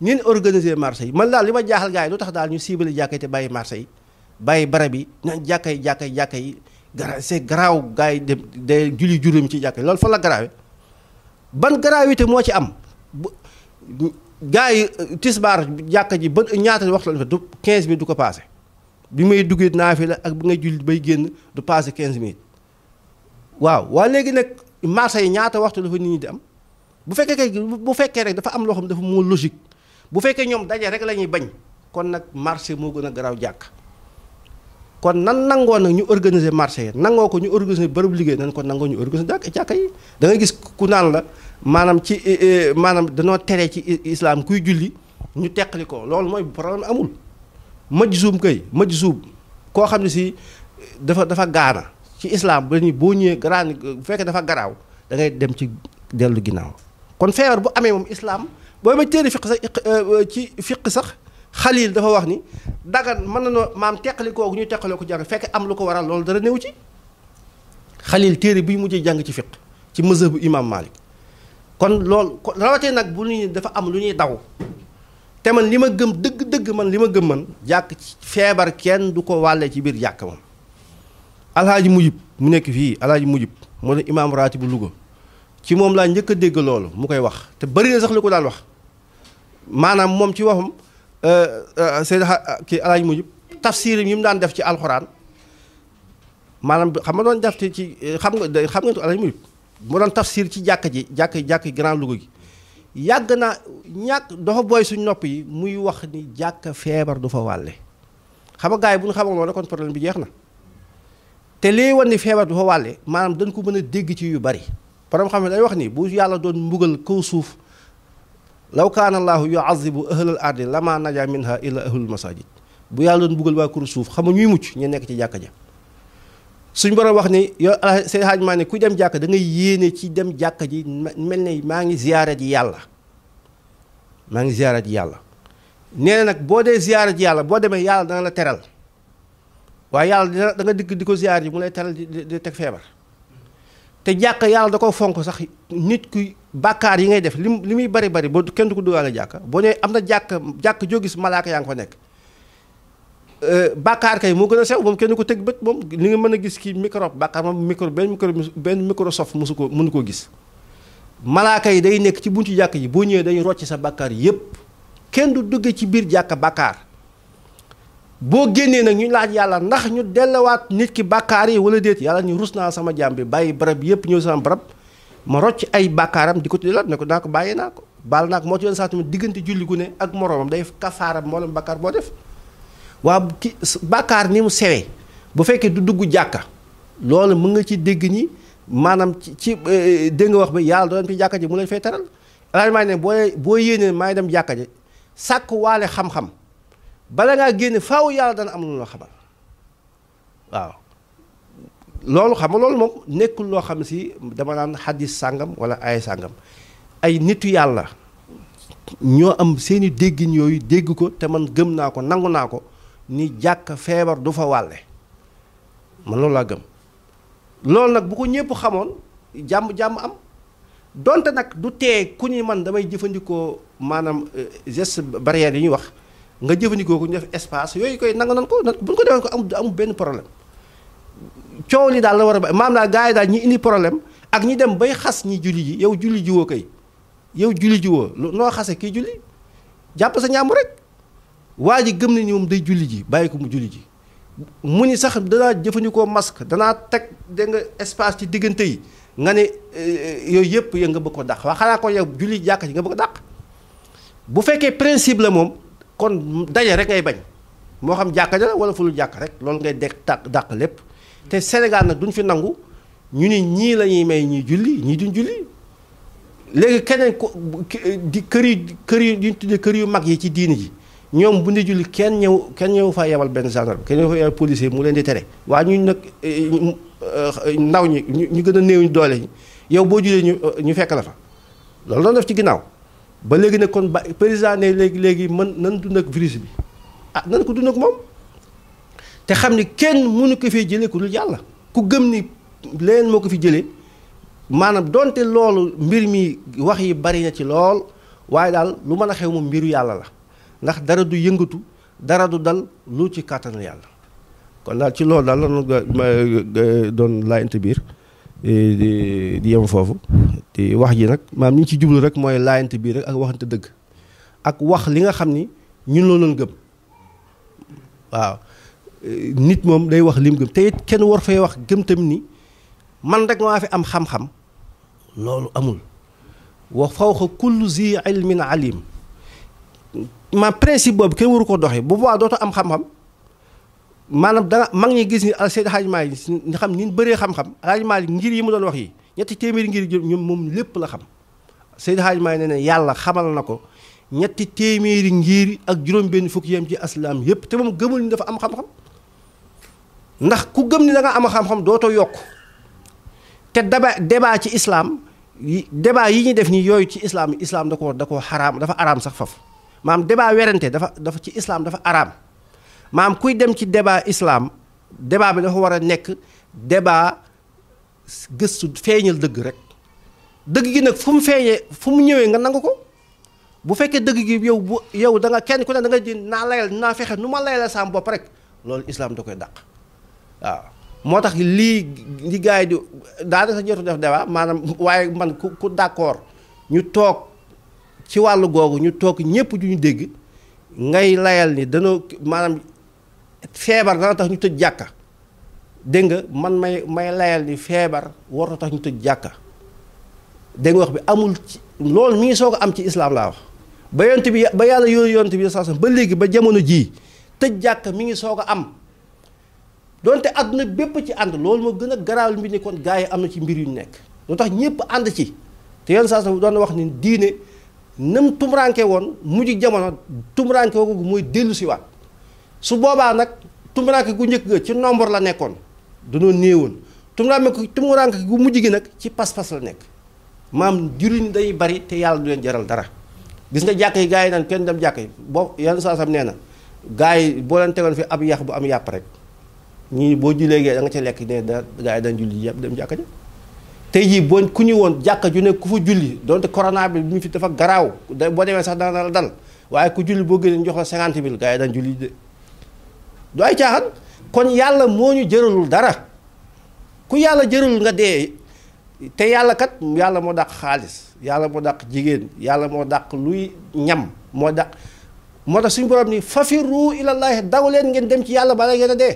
ñeen organiser marché yi man daal li ma jaaxal gars yi lu tax daal ñu ciblé jàkka te bàyyi marché yi bàyyi barab yi naan jàkka yi jàkka yi jàkka yi garaaw gars yi dem day julli juróom ci jàkka loolu fan la garaawe ban garaawite moo ci am bu gars yi euh, tisbaar jàkka ji ba ñaata waxtu la du 15 minutes du ko passé bi may duggee la ak bi ngay julli bay génn du passé quinze minutes waaw waa léegi nag marché yi ñaata waxtu la fa nit ñi di am. bu fekkee kay bu fekkee rek dafa am loo xam dafa moo logique bu fekkee ñoom daje rek la ñuy bañ kon nag marché moo gën a garaaw jàkk kon nan nangoo nag ñu organiser marché nangoo ko ñu organiser bërëb liggéey nan ko nangoo ñu organiser jàkk jàkka yi da ngay gis ku naan la maanaam ci eh, eh, maanaam danoo tere ci islam kuy julli ñu teqali ko loolu mooy problème amul majzuum kay majzuum koo xam ne si dafa dafa gaana ci islam ba ñu boo ñëwee garaan bu fekkee dafa garaaw da dem ci dellu ginnaaw kon feebar bu amee moom islam booy ma téere fiq sax ci fiq sax xalil dafa wax ni dagan mën na noo maam teqalikoo gu ñu teqalee ko jàng fekk am lu ko waral loolu dara néew ci xalil téere bi ñu mujjee jàng ci fiq ci mazhab bu imam malik kon lool rawatee nag bu ñu dafa am lu ñuy daw te man li ma gëm dëgg-dëgg man li ma gëm man jàkk feebar kenn du ko wàllee ci biir jàkk moom alhaaji mujib mu nekk fii alhaaji mujib moo ne imaam raati bu Louga ci moom laa njëkk a dégg loolu mu koy wax te bari na sax li ko daan wax maanaam moom ci waxum waxam euh, euh, seen kii alaaj mujub tafsirim yi mu daan def ci alxuraan maanaam xam nga doon def ci xam nga xam ngeen ko alaaj mujub mu ci jàkk ji jàkk jàkk Grand lugo gi yàgg na ñàkk dafa booy suñ nopp yi muy wax ni jàkk feebar du fa wàlle xam nga gars yi bu ñu xamoon loolu kon problème bi jeex na te lii wan ni feebar du fa wàlle maanaam dañ ko mën a dégg ci yu bari borom xam ne day wax ni bu yàlla doon mbugal kaw suuf law kaana allaahu yuazibu ahlal ardi lama naja minha illa ahlul masajid bu yàlla doon mbugal waa kër suuf xam nga ñuy mucc ñu nekk ci jàkka ja suñ borom wax ni yow seen xaaj maa ne kuy dem jàkka da ngay yéene ci dem jàkka ji mel ne maa ngi ziyaara ji yàlla maa ngi ziyaara ji yàlla nee na nag boo dee ziyaara ji yàlla boo demee yàlla dana la teral waaye yàlla dina da nga dikk di ko ziyaar ji mu lay teral di teg feebar te jàkka yàlla da ko fonk sax nit ku bàkkaar yi ngay def li li muy bari bari ba kenn du ko dugaale jàkka boo nee am na jàkka jàkka joo gis malaaka yaa ngi fa nekk euh, bàkkaar kay moo gën a sew moom kenn ko teg bët moom li nga mën a gis ki microbe bàkkaar moom benn micro benn microsoft mosu ko mënu ko gis malaaka yi day nekk ci buntu jàkk yi boo ñëwee dañuy rocc sa bàkkaar yépp kenn du dugge ci biir jàkka bàkkaar boo génnee nag ñu laaj yàlla ndax ñu dellowaat nit ki bàkkaar yi wala déet yàlla ñu rus naa sama jaam bi bàyyi barab yëpp ñëw sama barab ma rocc ay bàkkaaram di ko tuddilaat ne ko naa ko bàyyi naa ko baal naa ko moo ci yoon saa diggante julli gu ne ak moroomam day kafaaram mboolem bàkkaar boo def waa ki bakkaar ni mu sewee bu fekkee du dugg jàkka loolu mën nga ci dégg ñi maanaam ci ci euh, dégg nga wax bi yàlla doo dem ci jàkka ji mu leen fay taral alaaji boo yéenee maa ngi jàkka ji sàkk bale ngaa génn faaw yàlla dana am lu la xamal waaw loolu xam nga loolu moom nekkul loo xam si dama naan xadis sàngam wala ay sàngam ay nitu yàlla ñoo am seeni déggin yooyu dégg ko te man gëm naa ko nangu naa ko ni jàkk feebar du fa wàlle man loolu laa gëm loolu nag bu ko ñëpp xamoon jàmm-jàmm am donte nag du tee ku ni man damay jëfandikoo maanaam euh, gest barrière yi ñuy wax nga jëfandikoo ko ñu def espace yooyu koy nangu nan ko bu ko defee ko am amul benn problème coow li daal la war a maam daal gars yi daal ñi indi problème ak ñi dem bay xas ñi julli ji yow julli ji woo kay yow julli ji woo noo xase kii julli jàpp sa ñàmm rek waa ji gëm na ni moom day julli ji bàyyi ko mu julli ji mu ni sax danaa jëfandikoo masque danaa teg da nga espace ci diggante yi nga ne eh, eh, yooyu yëpp ya nga bëgg ko dàq waa xanaa ko yow julli jàkk ji nga bëgg ko dàq bu fekkee principe la moom kon daje rek ngay bañ moo xam jàkka ja wala fu lu jàkk rek loolu ngay dek dàq dàq lépp te Sénégal nag duñ fi nangu ñu ni ñii la ñuy may ñuy julli ñii duñ julli léegi keneen ko di kër yi kër yi ñu tuddee kër yu mag yi ci diini ji ñoom bu ñu julli kenn ñëw kenn ñëw faa yebal benn gendarme kenn ñëw fa yebal policier mu leen di tere waa eh, ñu nag eh, ndaw ñi ñu gën a néew doole yow boo jullee ñu eh, ñu fekk la fa loolu doon def ci ginnaaw ba léegi nag kon ba président ne léegi léegi mën nan dund ak virus bi ah nan ko dund ak moom te xam ni kenn mënu ko fee jëlee ku dul yàlla ku gëm ni leen moo ko fi jëlee maanaam donte loolu mbir mi wax yi bari na ci lool waaye daal lu mën a xew mu mbiru yàlla la ndax dara du yëngatu dara du dal lu ci kàttanu yàlla kon daal ci loolu daal la doon laayante biir di yem foofu di wax ji nag maam ni ñu ci jublu rek mooy laayante bii rek ak waxante dëgg ak wax li nga xam ni ñun loolu doon gëm waaw nit moom day wax lim gëm te kenn war fay wax gëm tam nii man rek maa fi am xam-xam loolu amul wa fawqa kullu zi ilmin alim ma principe boobu kenn waru ko doxee bu boobaa dootoo am xam-xam maanaam danga mag ñi gis ni Seydi Hadji Malick nga xam ni bëree xam-xam Hadji Malick ngir yi mu doon wax yi ñetti téeméeri ngir ñoom moom lépp la xam Seydi Hadji Malick ne ne yàlla xamal na ko ñetti téeméeri ngir ak juróom-benn fukk yam ci aslaam yépp te moom gëmul ni dafa am xam-xam ndax ku gëm ni danga am xam-xam dootoo yokk te débat débat ci islaam débat yi ñu def nii yooyu ci islaam islaam da koo da koo xaraam dafa araam sax faf maam débat werante dafa dafa ci islaam dafa araam maam kuy dem ci débat islam débat bi dafa war a nekk débat gëstu feeñal dëgg rek dëgg gi nag fu mu feeñee fu mu ñëwee nga nangu ko bu fekkee dëgg gi yow bu yow da kenn ku ne da nga di naa layal naa fexe nu ma layal sam bopp rek loolu islam da koy dàq waaw moo tax lii li gars yi di daanaka jotu def débat maanaam waaye man ku ku d'accord ñu toog ci wàll googu ñu toog ñëpp duñu dégg ngay layal ni dana maanaam feebar dana tax ñu tëj jàkka dégg nga man may may layal ni feebar war na tax ñu tëj jàkka dégg wax bi amul ci loolu mi ngi soog a am ci islaam laa wax ba yonent bi ba yàlla yooyu yont bi saa ba léegi ba jamono jii tëj jàkka mi ngi soog a am donte àdduna bépp ci ànd loolu moo gën a garaawal mbir ni kon gars yi am na ci mbir yu nekk lu tax ñëpp ànd ci te yenn saa doon na wax ni diine nam tumuraanke woon mujj jamono tumuraanke woogu mooy dellu su boobaa nag tumuraanke gu njëkk ga ci nombre la nekkoon dañoo néewoon tumuraanke tumuraanke gu mujj gi nag ci pas-pas la nekk maam juriñ day bari te yàlla du leen jaral dara gis nga jàkk yi gars yi naan kenn dem jàkk yi boo yenn saa sam nee na gars yi boo leen fi ab yàq bu am yàpp rek ñii boo julee gee da nga ca lekk ne da gars yi dañ jàkk ja tey jii boo ku ñu woon jàkk ju ne ku fa julli donte corona bi mu fi dafa garaaw boo demee sax dana la dal waaye ku julli boo gënee jox la cinquante mille gars yi julli de du ay caaxaan kon yàlla moo ñu jëralul dara ku yàlla jëralul nga dee te yàlla kat yàlla moo dàq xaalis yàlla moo dàq jigéen yàlla moo dàq luy ñam moo dàq moo tax suñu borom ni fafiru ilallaahi daw leen ngeen dem ci yàlla bala ngeen a dee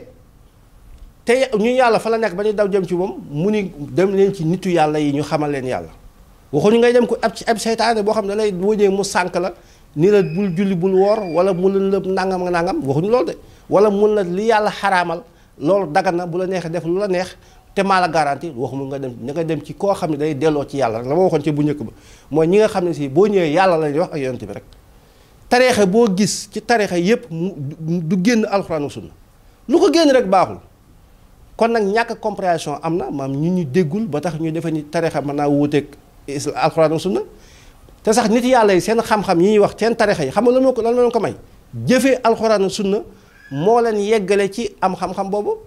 te ñu yàlla fa la nekk ba ñuy daw jëm ci moom mu ni dem leen ci nitu yàlla yi ñu xamal leen yàlla waxuñu ngay dem ko ab ci ab seytaane boo xam ne lay wëñee mu sànk la ni la bul julli bul woor wala mu lëndëm nangam nga nangam waxuñu loolu de wala mun na li yàlla xaraamal loolu dagan na bu la neexee def lu la neex te maa la garanti waxuma nga dem nga dem ci koo xam ne day delloo ci yàlla rek la ma waxoon ci bu njëkk ba mooy ñi nga xam ne si boo ñëwee yàlla lañuy wax ak yonent bi rek tariixa boo gis ci tariixa yépp du génn alxuraan wa sunna lu ko génn rek baaxul kon nag ñàkk compréhension am na maam ñu ñu déggul ba tax ñu defee nii tariixa man naa wuuteeg alxuraan wa sunna te sax nit yàlla yi seen xam yi ñuy wax seen tariixa yi xam nga ko lan moo ko may jëfee alxuraan wa sunna moo leen yeggale ci am xam-xam boobu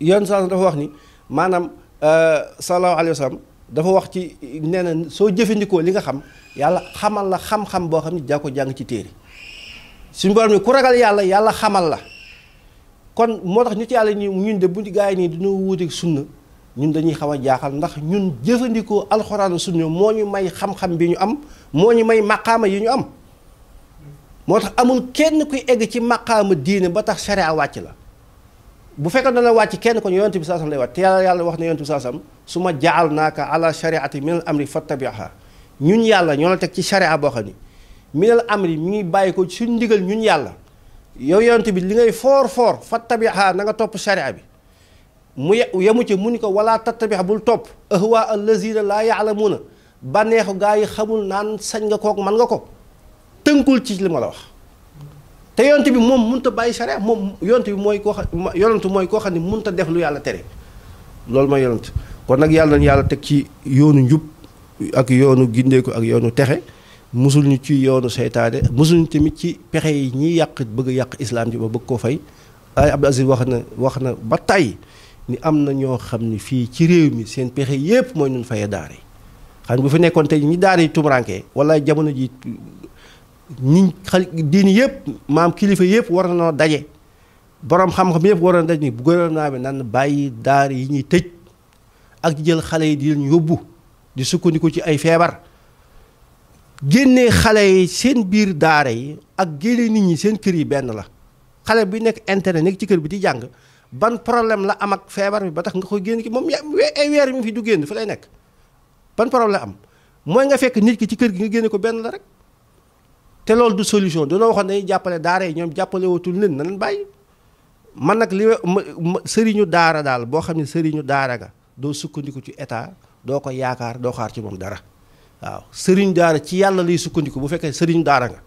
yoon saa dafa wax ni maanaam euh, sallallahu alayhi wa sallam dafa wax ci nee na soo jëfandikoo li nga xam yàlla xamal la xam boo xam ni daa jàng ci téere suñu borom ni ku ragal yàlla yàlla xamal la kon moo tax ñu yàlla ñu ñun de bu gaa yi nii dañoo wuuteeg sunna ñun dañuy xaw a jaaxal ndax ñun jëfandikoo alxuraan sunna moo ñu may xam-xam bi ñu am moo ñu may maqaama yi ñu am motax amul kenn kuy egg ci maqaamu diine ba tax sharia wàcc la bu fekkoon la wàcc kenn kon yonent bi saa sam lay wàcc te yàlla yàlla wax na yonent bi saa sam su ma jaal naaka ala shariati min al amri fattabiha ñun yàlla ñoo la teg ci sharia boo xam ni al amri mi ngi bàyyi ko suñ ndigal ñun yàlla yow yonent bi li ngay for for fattabiha na nga topp sharia bi mu yamu ci mu ni ko wala tattabiha bul topp ahwa allazina la ya'lamuna banexu gaay xamul naan sañ nga kook man nga ko tënkul ci li ma la wax te yont bi moom mënut a bàyyi sariya moom yonent bi mooy koo xam yonent mooy koo xam ni mënut a def lu yàlla tere loolu mooy yonent kon nag yàlla nañu yàlla teg ci yoonu njub ak yoonu gindeeku ak yoonu texe musul ñu ci yoonu seytaane musul tamit ci pexe yi ñi yàq bëgg yàq islam ji ba bëgg koo fay ay Abdou Aziz wax na wax na ba tàyyi ni am na ñoo xam ne fii ci réew mi seen pexe yépp mooy nun fayee daar yi xam bu fi nekkoon tey ñi daara yi tumurankee wala ñi xal diin yëpp maam kilifa yëpp war nañoo daje boroom xam-xam yëpp waroon na daje ni bu gouvernement bi nan bàyyi daar yi ñuy tëj ak di jël xale yi di leen yóbbu di sukkandiku ci ay feebar génnee xale yi seen biir daara yi ak génne nit ñi seen kër yi benn la xale bi nekk internet nekk ci kër bi di jàng ban problème la am ak feebar bi ba tax nga ko génn ki moom ay weer mi fi du génn fa lay nekk ban problème am mooy nga fekk nit ki ci kër gi nga génne ko benn rek te loolu du solution dañoo waxoon dañuy jàppale daara yi ñoom jàppale wutul leen na leen bàyyi man nag li ma sëriñu daara daal boo xam ne sëriñu daara nga doo sukkandiku ci état doo ko yaakaar doo xaar ci moom dara waaw sëriñu daara ci yàlla lay sukkandiku bu fekkee sëriñu daara nga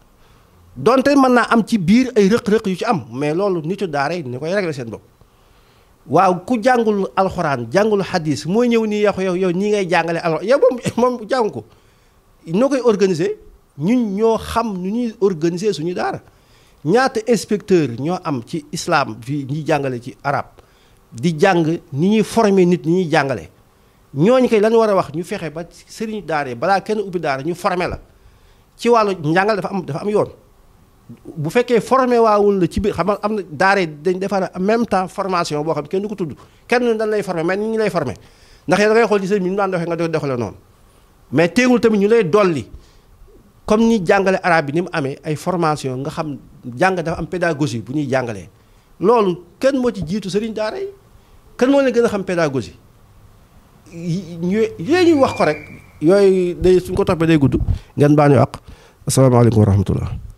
donte mën naa am ci biir ay rëq-rëq yu ci am mais loolu ci daara yi ni koy régler seen bopp waaw ku jàngul alxuraan jàngul xadis mooy ñëw nii yow yow yow nii ngay jàngale alxuraan yow moom moom jàng ko noo koy organiser. ñun ñoo xam nu ñuy organiser suñu daara ñaata inspecteur ñoo am ci islaam fi ñuy jàngale ci arab di jàng ni ñuy former nit ñi ñuy jàngale ñooñu kay lañu war a wax ñu fexe ba sëriñ daara balaa kenn ubbi daara ñu former la ci wàllu njàngale dafa am dafa am yoon bu fekkee formé waawul la ci biir xam nga am na daara dañ defar en temps formation boo xam kenn du ko tudd kenn dañ lay formé mais ni ñu lay formé ndax da ngay xool ci sëriñ bi ñu daan doxee nga noonu mais teewul tamit ñu lay dolli comme ni jàngale araab bi ni mu amee ay formation nga xam jàng dafa am pédagogie bu ñuy jàngalee loolu kenn moo ci jiitu sëriñ daara yi kenn moo ne gën a xam pédagogie ñu ñuy wax ko rek yooyu day suñ ko toppee day gudd ngeen baa ñu àq asalaamaaleykum wa rahmatullah